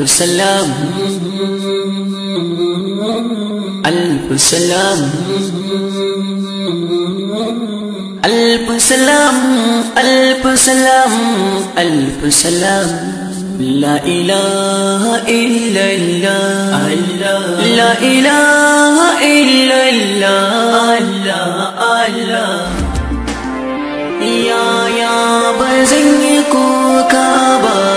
ألف سلام ألف سلام ألف سلام ألف سلام ألف سلام لا إله إلا الله لا إله إلا الله الله يا يا بزنك كعبه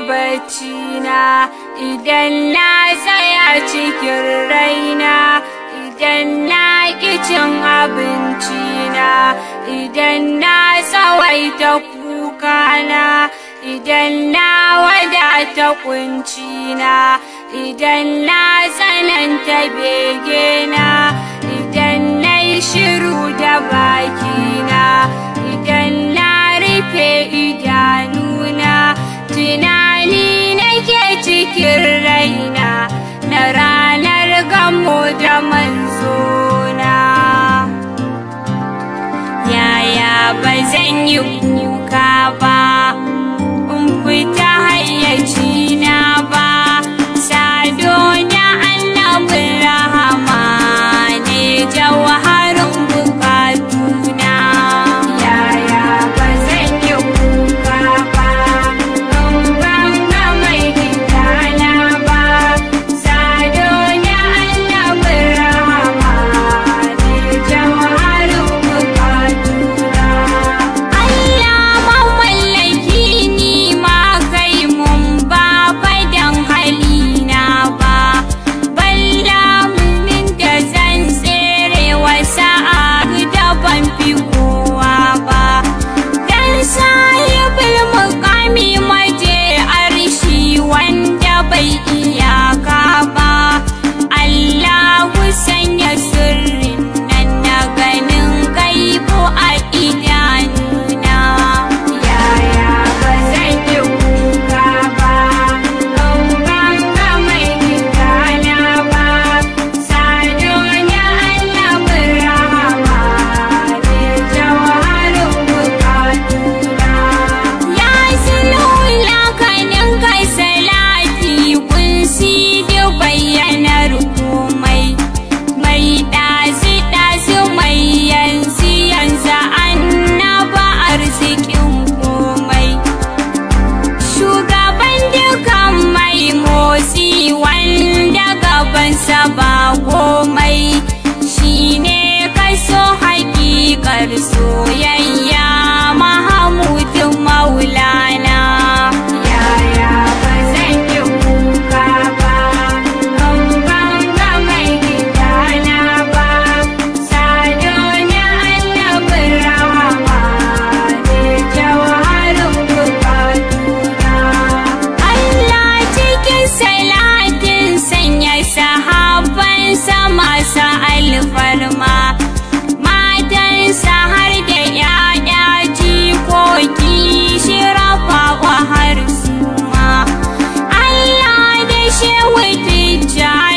bacina idan na tsaya cikin raina idan na kicin abincina idan na tsawaita kukana idan na wadata kuncina idan na tsananta begena idan na yi shiru da bakina idan na rufe idan tunani nake cikin raina na ranar gamo da manzona yaya bazan yi kuka ba in fita hayyaci 我愿意。change.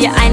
wie ein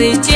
быть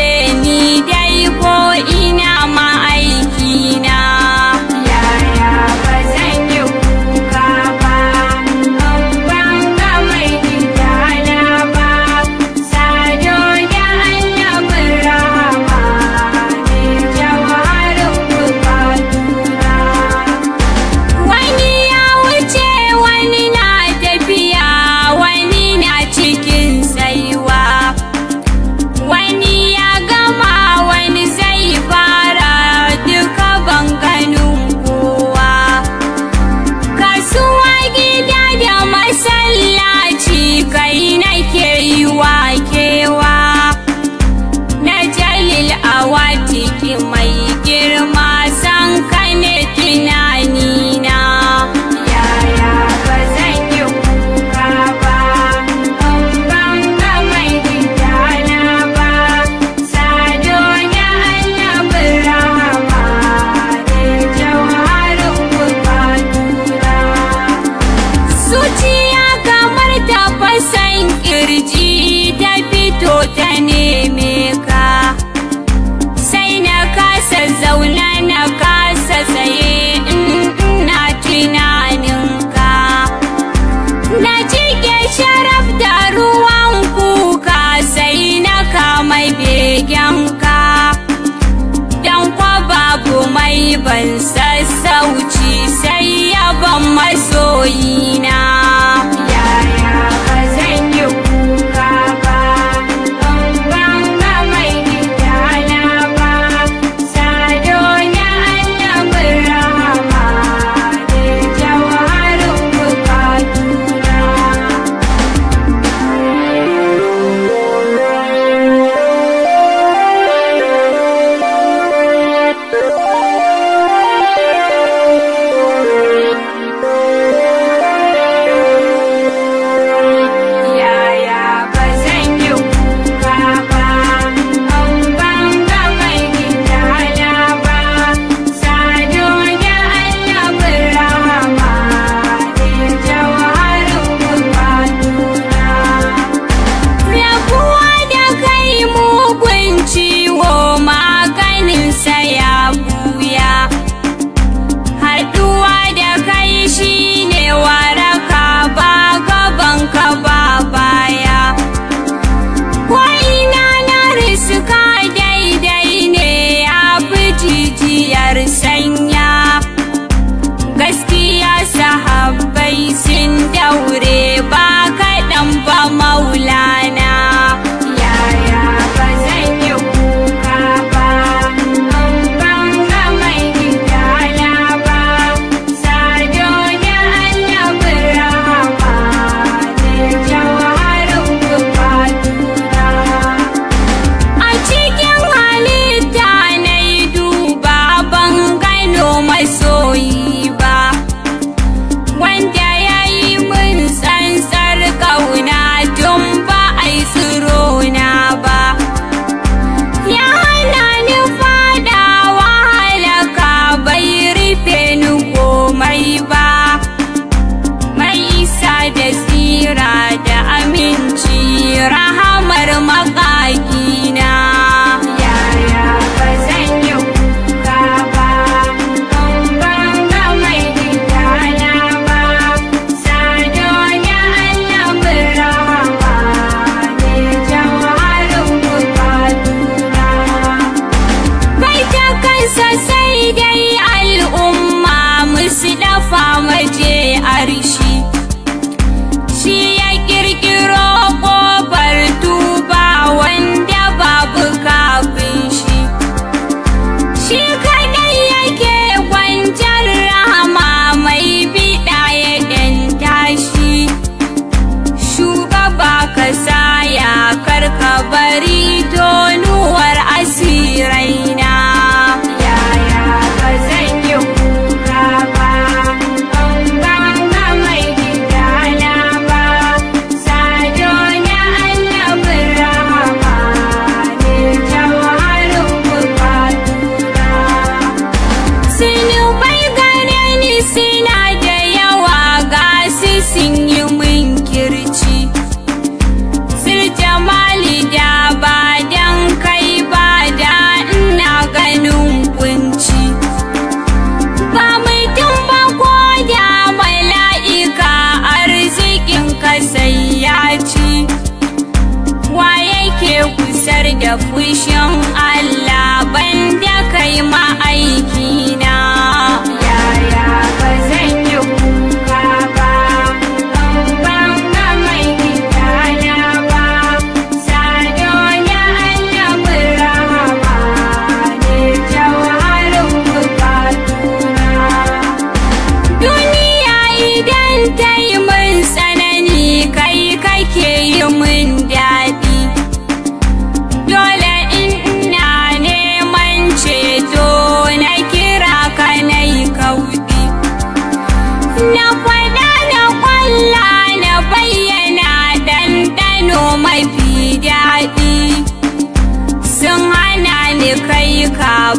ban sassauci sai ya ban masoyi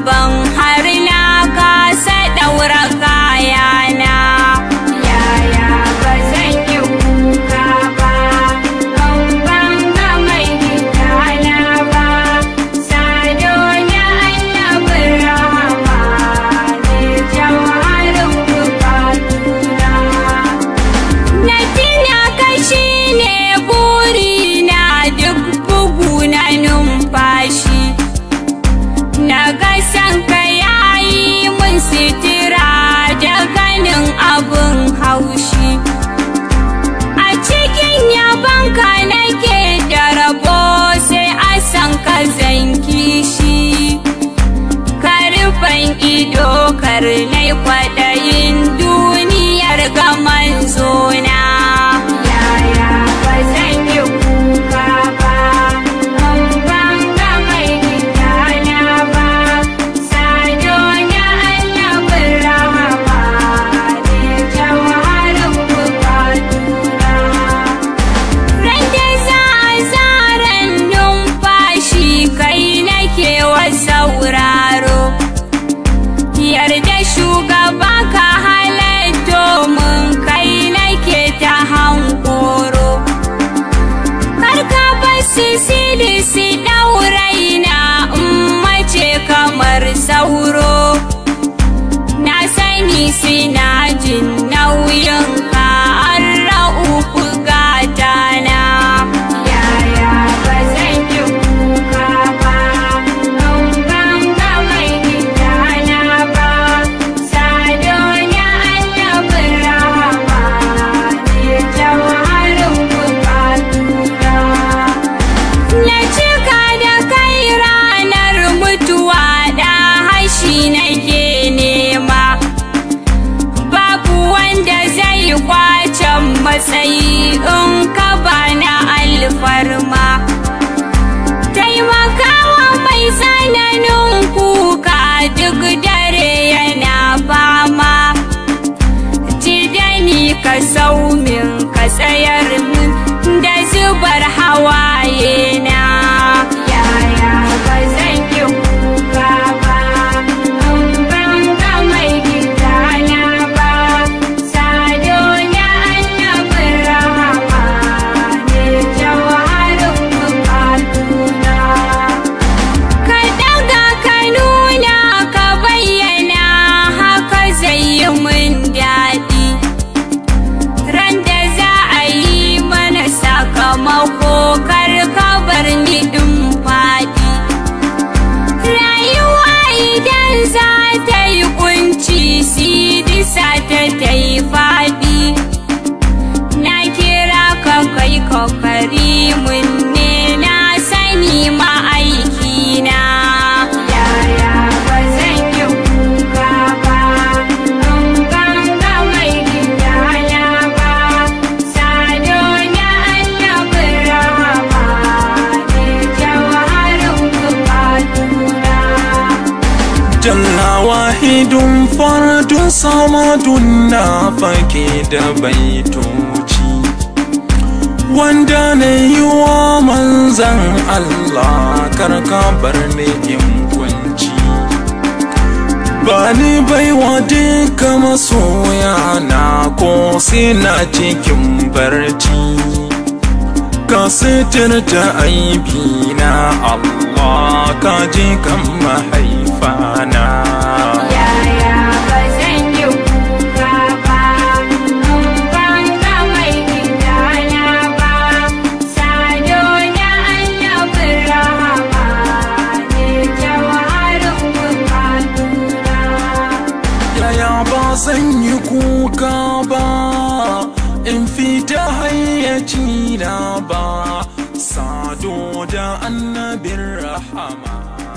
Vamos. har na kwaɗayin duniyar ga manzo sin samadun na fake da baitoci wanda na yi wa manzan Allah karkabar ne in kunci ba ni baiwa duka masoya na ko na cikin barci ka sitirta aibi na Allah ka ji kan mahaifana in fita hayyaci na ba sado da annabin rahama